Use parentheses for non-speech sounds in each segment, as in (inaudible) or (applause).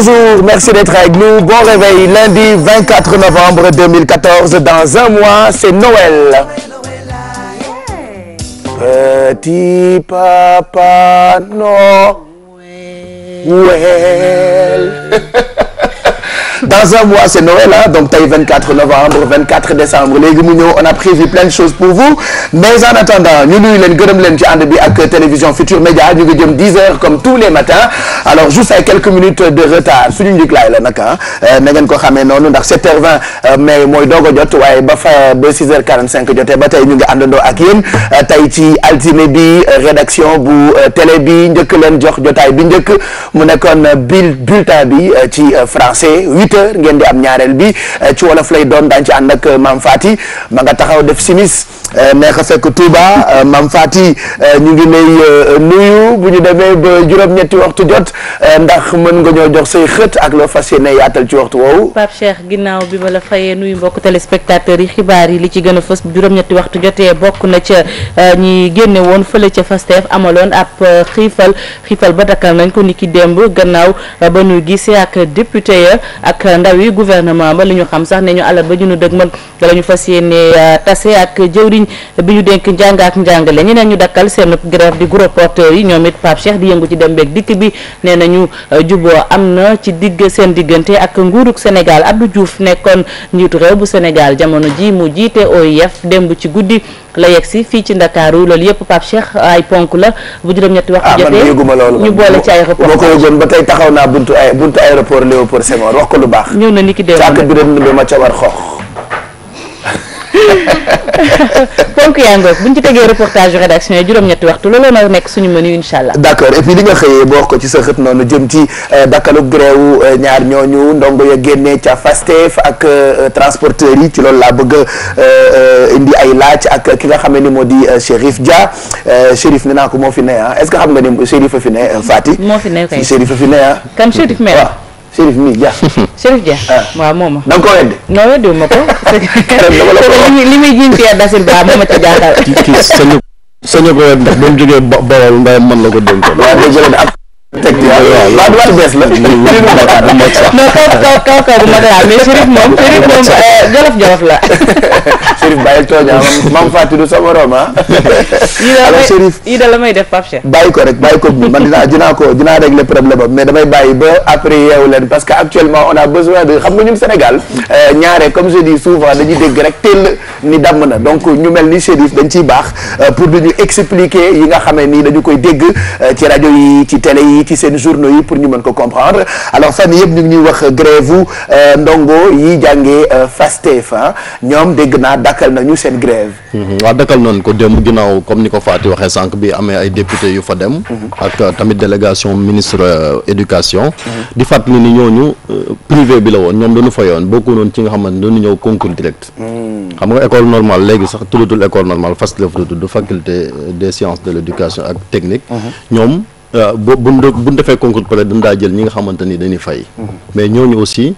Bonjour, merci d'être avec nous. Bon réveil, lundi novembre Dans un mois, c'est Noël. Petit papa Noël. (laughs) dans un mois c'est novembre décembre léegi mu on a prévu plein de choses pour vous mais en attendant ñu nuyu leen gërëm leen ci ànd bi ak télévision Futur Média ñu ngi jëm 10 heures comme tous les matins alors juste ay quelques minutes de retard suñu njëkkaay la nag ah na ngeen ko xamee noonu ndax 7h20 euh, mais mooy doog a jot waaye ba fa ba 6h45 jotee ba tey euh, bi rédaction bu télé bi njëkk leen jox bi njëkk mu huit heures ngeen di am ñaareel bi eh, ci wolof lay doon daañu ci ànd ak eh, Mame ma nga taxaw def simis eh, neex a fekk Touba Mame Faty ñu ngi lay nuyu bu ñu demee ba juróom-ñetti waxtu jot ndax mën nga ñoo jox say xët ak loo fas yéene yaatal ci waxtu woowu. Pape Cheikh ginnaaw bi ma la fayee nuyu mbokk téléspectateurs yi xibaar yi li ci gën a fës juróom-ñetti waxtu jotee bokk na ca ñi génne woon fële ca Fastef amaloon ab xiifal xiifal ba dakkal nañ ko niki démb ak ndaw yi gouvernement ba li ñu xam sax ne ñu alal ba ñu nu dëgmal dala ñu fas yéene euh, tase ak jëwriñ bi ñu dénk njàng ak njàngale ñeneen ñu dakkal seen grève di gros porteurs yi ñoom it Pape Cheikh di yëngu ci dem beeg dikk bi nee nañu euh, juboo am na ci digg seen diggante ak nguuruk Sénégal Abdou Diouf nekkoon njiitu réew bu Sénégal jamono ji mu jiite OIF démb ci guddi la yegg si fii ci ndakaaru loolu yëpp Pape Cheikh ay ponk la bu juróom-ñetti waxtu ah, jotee yëguma loolu ñu boole ci ay reportage boo ko yëgoon ba tey taxaw naa buntu ay buntu aéroport Léopold Senghor wax ko lu baax ñëw na ni ki démb càkk bi ren ma ca xoox (laughs) ponk yaa ngoog bu ñu ci tegee reportage rédaction yi juróom-ñetti waxtu looloo na nekk suñu menu incha allah. d' accord et puis li nga xëyee boo ko ci sa noonu jëm ci dakkalu euh, grève euh, ñaar ñooñu ndongo ya génne ca Fastef ak euh, transporteurs yi ci loolu laa bëgg indi ay laaj ak ki nga xam ne ni moo di Chérif Dia Chérif nee naa ko moo fi ne ah est ce que xam nga ni Chérif a fi ne Fatick. moo fi ne kay Chérif a fi ne ah. kan Chérif mel. Chérif mi Dia. Chérif (laughs) Dia. Ah. waaw moom ma. da nga koo weddi. non weddi ma ko. (laughs) (laughs) li a ca a sañ a ko weddi ndax ba mu jógee Bawol ndeyam mën la ko dénkoon. waaw day jëlee ab. la. non moom euh, Jolof Jolof la. bàyyil tooñaa mam Fatou du sama morom ah. (laughs) la may def Pape Cheikh. bàyyi ko rek bàyyi ko man dinaa dinaa ko dinaa régler problème am mais damay bàyyi ba après yeewu leen parce que actuellement on a besoin de xam nga ñun Sénégal euh, ñaare comme je dis souvent dañuy dégg rek teel ni damm na donc ñu mel ni Chérif dañ ciy baax euh, pour duñu expliquer yi nga xamee nii dañu koy dégg euh, ci rajo yi ci télé yi ci seen journaux yi pour ñu mën ko comprendre alors fan yëpp ñu ngi ñuy wax grève ndongo yi jàngee FASTEF ah. ñoom dégg naa dakkal nañu nañu seen grève mhm. waaw dakal nañ ko démb ginnaaw comme ni ko Faty waxee sànq bi amee ay député yu fa dem mhm. ak euh, tamit délégation ministre euh, éducation mhm. di fàttali ni ñooñu euh, privé bi la woon ñoom dañu fayoon bokku noonu ci nga xamante ne dañu ñëw concours direct xam nga école normale léegi sax tuddatul école normale FASTEF la tudd faculté des sciences de l'éducation ak technique ñoom bu bu defee concours pare dañ daa jël ñi nga xamante ni dañuy fay mais ñooñu aussi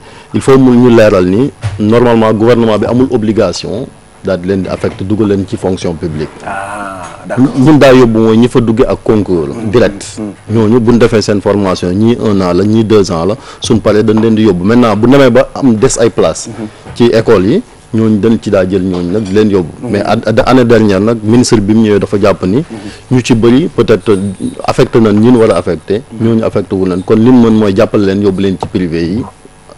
daal di leen di affecté dugal leen ci fonction publique. Ah, ñun daa yóbbu mooy ñi fa duggee ak concours. Mm, mm, direct mm, ñooñu bu ñu defee seen formation ñii un an la ñii deux ans la suñ paree dañ leen di yóbbu maintenant bu demee ba am des ay place mm-hmm. ci école yi. ñooñu dañ ci daa jël ñooñu nag di leen yóbbu. Mm-hmm. mais année dernière nag ministre bi mu ñëwee dafa jàpp ni. Mm-hmm. ñu ci bëri peut-être affecté nañ ñun war a affecté. ñooñu affecté wu nañ kon li mu mën mooy jàppale leen yóbbu leen ci privé yi.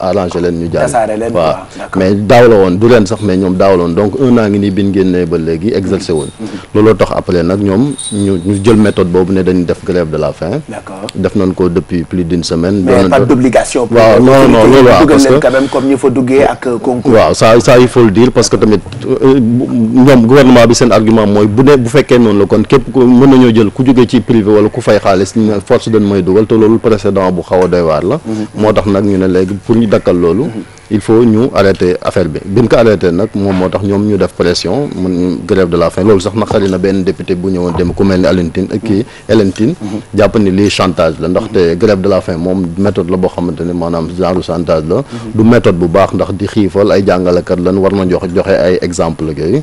arrangé leen ñu jàll waaw mais daaw la woon du leen sax mais ñoom daaw la woon donc un an ngi nii biñ génnee ba léegi exercé woon mm-hmm. mm-hmm. looloo tax après nag ñoom ñu de la faim def nañ ko depuis plus d'une semaine bi seen argument mooy bu ne bu fekkee noonu la kon képp ku mën nañoo jël ku jógee ci privé wala ku fay xaalis force dañ mooy dugal te loolu précédent bu xaw a doy waar la mm-hmm. moo tax nag ñu ne léegi dakkal loolu mhm. il faut ñu arrêter affaire bi bi ñu ko nag moom moo tax ñoom ñu def pression mun grève la faim loolu sax naqari na benn député bu ñëwoon dem ku mel ak kii mhm. Hélène Tine mhm. jàpp ni lii chantage la ndaxte grève de la fin moom méthode la boo xamante ne maanaam genre chantage la du méthode bu baax ndax di xiifal ay jàngalekat lan war na jox joxe ay exemple ak yooyu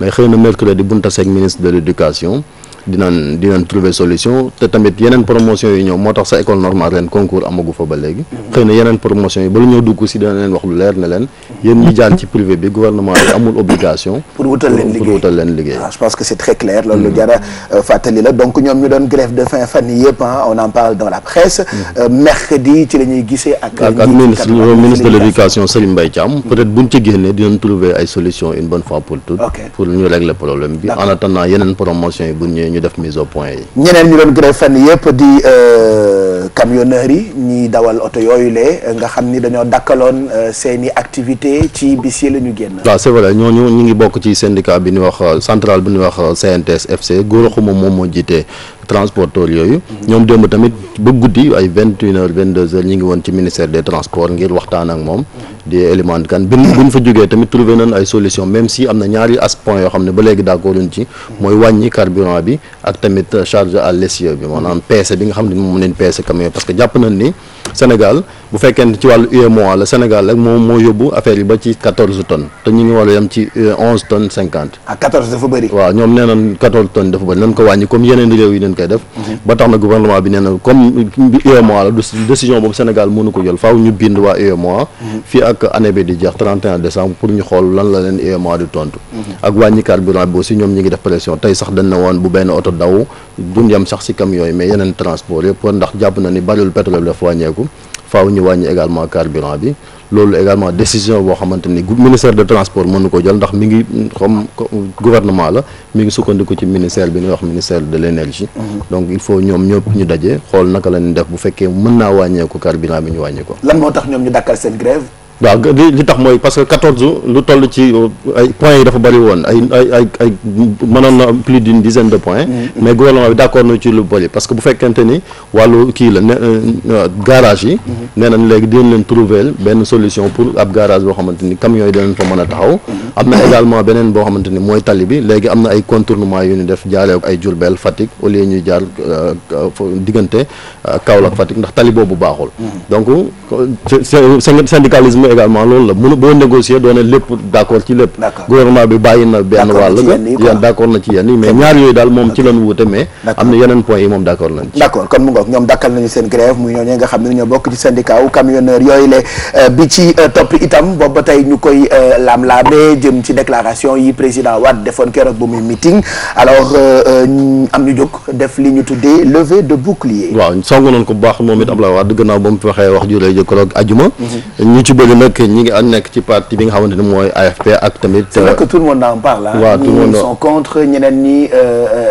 mais xëy na mercredi bunta seeg ministre de l'éducation dinan dinañ trouver solution te tamit yeneen promotion yi ñëw moo tax sa école normale ren concours amagu fa ba léegi. xëy na yeneen promotion yi ba ñëw dugg si dina leen wax lu leer ne leen. yéen ñi jaan ci privé bi gouvernement bi amul obligation. pour wutal leen liggéey pour wutal leen liggéey. Ah, je pense que c'est très clair loolu lu jar a euh, fàttali la donc ñoom ñu doon grève ah, mm. euh, ci la ñuy ak. ak ministre ministre de l'éducation Serigne Mbaye Thiam. Mm. peut-être buñ ci génnee dinañ trouver ñu def mise au point yi. ñeneen ñu doon grève fan yëpp di euh, camionneurs yi ñiy dawal oto yooyu le nga xam ni dañoo dakkaloon euh, seen i activité ci bis yi la ñu génn. waaw c'est vrai ñooñu ñu ngi bokk ci syndicat bi ñuy wax euh, central bi ñuy wax CNTS FC Gora Khouma moom moo jiite. transporteurs yooyu ñoom démb tamit ba guddi ay vingt une heures vingt deux heures ñu ngi woon ci ministère des transports ngir waxtaan ak moom di élément kan bi buñ fa jógee tamit trouvé nañ ay solution même si am na ñaari as yoo xam ne ba léegi d'accord uñ ci mooy wàññi carburant bi ak tamit charge à l'essieu bi maanaam peese bi nga xam ne moom leen peese camion parce que jàpp nañ ni Sénégal bu fekkente ci wàllu UEMOA la Sénégal rek moom a yem ci euh, onze tonnes cinquante ah quatorze dafa bëri waaw ñoom nee koy def mhm. ba tax na gouvernement bi nee na comme UEMOA la décision boobu Sénégal mënu ko jël faaw ñu bind waa UEMOA mhm. fii ak année bi di jeex 31 décembre pour ñu xool lan la leen UEMOA di tontu mhm. ak wàññi carburant bi aussi ñoom ñi ngi def pression tey sax dañ woon bu benn oto daw duñ sax si camion yooyu mais yeneen transport yëpp ndax jàpp na ni bariwul pétrole bi wàññeeku faaw ñu wàññi également carburant bi loolu également décision boo xamante ni ministère de transport mënu ko jël ndax mi ngi xam gouvernement la mi ngi sukkandiku ci ministère bi ñuy wax ministère de l' énergie. Mm-hmm. donc il faut ñoom ñëpp ñu daje xool naka la ñu def bu fekkee mën naa wàññeeku carburant bi ñu wàññi ko. lan moo tax ñoom ñu dàkkal seen grève waaw li li tax mooy parce que quatorze lu toll ci euh, ay points yi dafa bëri ay ay na plus d'une dizaine de points mm-hmm. mais gouvernement bi d'accord na ci lu bëri parce que bu fekkente ni wàllu kii la ne euh, euh, garage yi mm-hmm. nee nañ léegi dinañ leen trouver benn solution pour ab garage boo xamante ni camions yi dinañ fa mën a taxaw mm-hmm. am na également beneen boo xamante ni mooy tali bi léegi am na ay contournement yu ñu def jaaree ay Diourbel Fatick au lieu ñuy jaar diggante Kaolack Fatick ndax tali boobu baaxul également loolu la mën boo négocier doone lépp d' ci lépp gouvernement bi bàyyi na benn wàll nga yéen na ci yenn yi mais ñaar yooyu daal moom ci lañ wuute mais am na yeneen points yi moom d' accord nañ d' mu ngoog ñoom nga xam ne ñoo bokk ci syndicat wu yooyu le euh, bi ci euh, topp itam boobu tey ñu koy euh, laam-laamee jëm ci déclaration yi président Wade defoon keroog bu muy meeting alors am ñu jóg def li ñu tuddee levée de bouclier nag ñi ngi nekk ci parti bi nga xamante ni mooy AFP ak tamit. waaw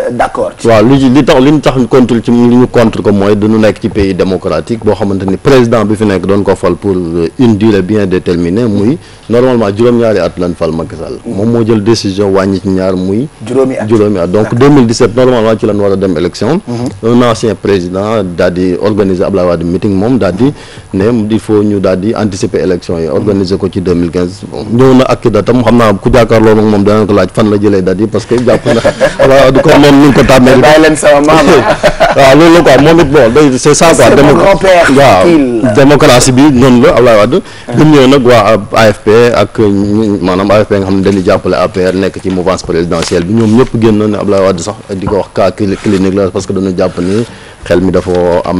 euh, euh, li tax li ñu tax contre ci li ñu contre ko mooy dañu nekk ci pays démocratique boo xamante ni président bi fi nekk doon ko fal pour euh, une durée bien déterminée muy normalement juróom-ñaari at lañ fal Macky Sall. Mm. moom moo jël décision wàññi ci ñaar muy. juróomi at juróomi at donc 2017 normalement ci lañ war a dem élection. Mm-hmm. un ancien président daal di organiser Abdoulaye Wade meeting moom daal ne il faut ñu daal di anticiper élection. mooy organiser ko ci 2015 bon ñëw na ak ci datam xam naa ku jàkkaarloo nag moom danañ ko laaj fan la jëlee dat parce que jàpp na waaw (laughs) du ko moom ni nga ko tàmmee. bàyyi leen sama nag waa AFP ak maanaam AFP nga xam ne dañuy jàppale APR nekk ci mouvance présidentielle bi ñoom ñëpp génn ne Ablaye Wade sax di ko wax cas clinique la parce que dañu jàpp ni. xel mi dafa am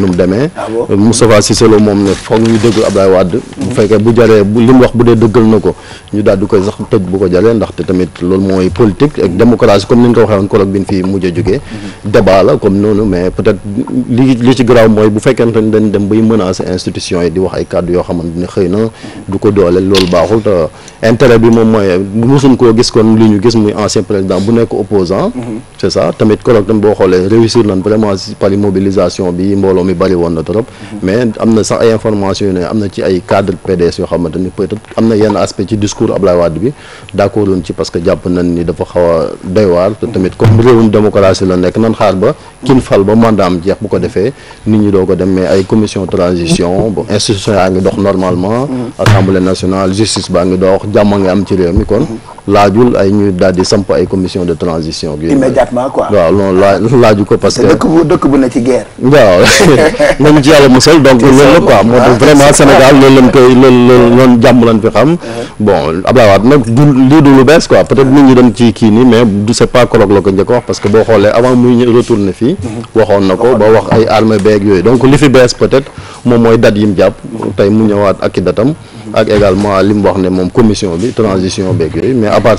nu demee ah euh, Moustapha Cissé Lo moom ne foog ñu déglu Abdoulaye Wade mm-hmm. bu fekkee bu jaree li mu wax bu dee dëggal na ko ñu daal di koy sax tëj bu ko jaree ndaxte tamit loolu mooy politique ak démocratie comme ni ñu ko waxee woon colloque bi ñu fi mujj a jógee mm-hmm. débat la comme noonu mais peut-être li li ci garaaw mooy bu fekkente ne dañ dem bay menacer institution yi di wax ay kàddu yoo xamante ne xëy na du ko dooleel loolu baaxul te bi moom mooy mosuñ koo gis kon li ñu gis muy ancien président bu nekk opposant mm-hmm. c'est ça tamit colloque tam boo xoolee réussir nañ vraiment principal mobilisation bi mbooloo mi bari woon na trop. mais am na sax ay information yu ne am na ci ay cadre PDS yoo xamante ni peut am na yenn aspect ci discours Ablaye Wade bi d'accord ci parce que jàpp nañ ni dafa xaw a doy waar te tamit comme réewum démocratie la nekk nan xaar ba kin fal ba mandat jeex bu ko defee nit ñi doo ko dem mais ay commission transition (laughs) bon institution yaa ngi dox normalement mm. assemblée nationale justice baa ngi dox dëkk bu ne ci guerre. waaw (laughs) nañ ci yàlla musal donc loolu la quoi moo tax ah. vraiment Sénégal loolu lañ koy loolu loolu jàmm lañ fi xam uh-huh. bon Abdoulaye Wade nag du lii du lu bees quoi peut-être nit ñi dem ci kii nii mais du c'est pas colloque la ko njëkk wax parce que boo xoolee avant muy ñëw retourné fii uh-huh. waxoon na ko ba wax ay arme beeg yooyu donc li fi bees peut-être moom mooy date yi mu jàpp tey mu ñëwaat ak i datam ak également li wax ne moom commission bi transition beeg yooyu mais à part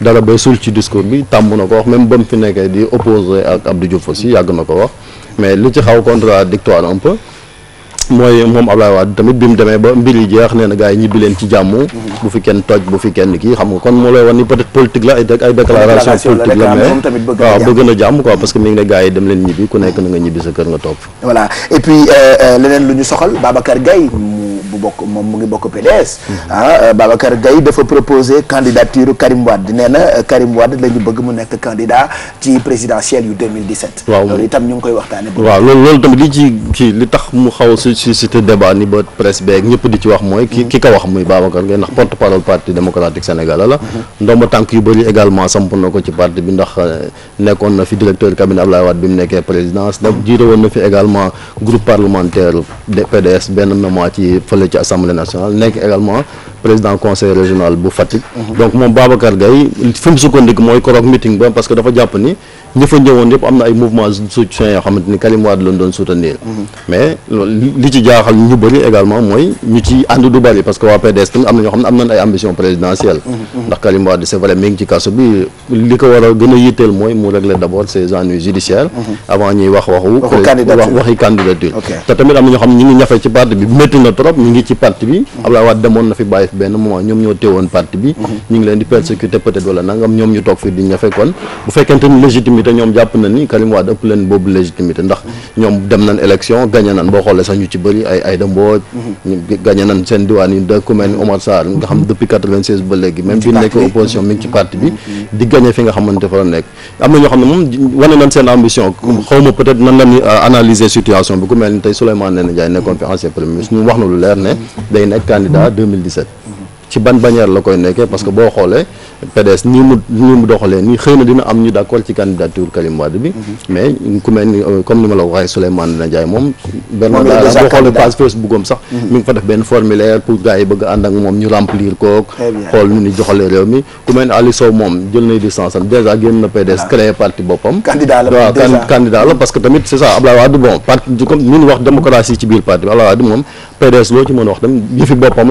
dara ba sul ci discours bi tàmm na ko wax même ba mu fi nekkee di opposé ak Abdou Diouf aussi yàgg na ko wax mais li ci xaw contradictoire un peu mooy moom Ablaye Wade tamit bi mu demee ba mbir jeex nee na yi ñibbi leen ci jàmm. Mhm. bu fi kenn toj bu fi kenn kii xam nga kon moo lay wax ni peut la ay ay déclaration politique la mais waaw bëgg na jàmm quoi parce que bu bokk moom mu ngi bokk PDS. ah euh, Babacar dafa proposé candidature Karim Wade nee euh, Karim Wade la bëgg mu nekk candidat ci présidentielle yu waaw loolu tamit li ci kii li tax mu xaw a suscité débat ni ba presse beeg ñëpp di ci wax mooy. ki ki wax muy Babacar Gaye ndax porte parole parti démocratique sénégalais la. Mhm. ndomba tànk yu bëri également samp na ko ci parti bi ndax euh, nekkoon na fi directeur cabinet Abdoulaye Wade bi mu nekkee présidence. donc jiite jàppale ci assemblée nationale nekk également président conseil régional bu Fatick. donc moom Babacar Gaye fi mu sukkandiku mooy koroog meeting ba parce que dafa jàpp ni ñi ñëwoon yëpp am na ay mouvement soutien yoo xamante ni Karim Wade lañ doon soutenir. mais li ci jaaxal ñu bëri également mooy ñu ci ànd du bëri parce que waa PDS tamit am na ñoo xam ñu ngi ñafe ci parti bi métti na trop ñu ngi ci parti bi. Mhm. Abdoulaye Wade demoon na fi bàyyi benn moment ñoom ñoo téewoon parti bi mhm. ñu ngi leen di persécuter peut-être wala nangam ñoom ñu toog fii di ñafe kon bu fekkente ni légitimité ñoom jàpp mhm. ñoom dem nañ élection gagné xoolee sax ñu ci bëri ay Aïda Mbodj mhm. gagné nañ seen diwaan yi dëkk di gagné fi nga xamante fa nekk am na ñoo xam ne moom wane nañ seen ambition xaw ma peut-être nan lañu euh, analyser bi ku mel ni tey Souleymane Ndéné Ndiaye nekkoon fi ancien premier ministre ñu wax na lu leer ne day nekk ci ban bannière la koy nekkee parce que boo xoolee PDS nii mu nii mu doxalee nii xëy na dina am ñu d'accord ci candidature Karim Wade bi mhm. mais ku euh, comme ni ma la waxee Souleymane Ndiaye moom boo mhm. xool nu ni joxalee réew mi ku mel moom jël nay distance am déjà génn na PDS créé parti boppam waaw candidat la parce que tamit c'est ça Abdoulaye Wade bon parti ni ñu wax démocratie ci biir parti bi Abdoulaye Wade moom PDS loo ci mën wax tamit yëfi boppam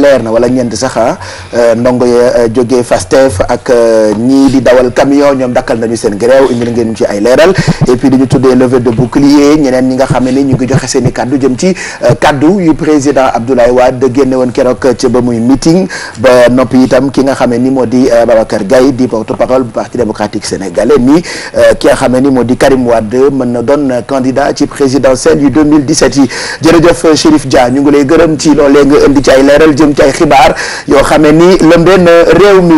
leer na wala ñeent sax ah, euh, ndongo ya euh, jógee Fastef ak euh, ñii di dawal camion ñoom dakkal nañu seen grève indil ngeen ci ay leeral et puis dañu tuddee levée de bouclier ñeneen ñi nga xam ne ñu ngi joxe seen i kaddu jëm ci kaddu yu président Abdoulaye Wade génne woon keroog ca ba muy meeting ba noppi itam ki nga xam ne ni moo di Babacar Gaye di porte parole bu parti démocratique sénégalais ni ki nga xam ne ni moo di Karim Wade mën na doon candidat ci présidentielle yu 2017 jëm ci ay xibaar yoo xamee ni lëmbeen réew mi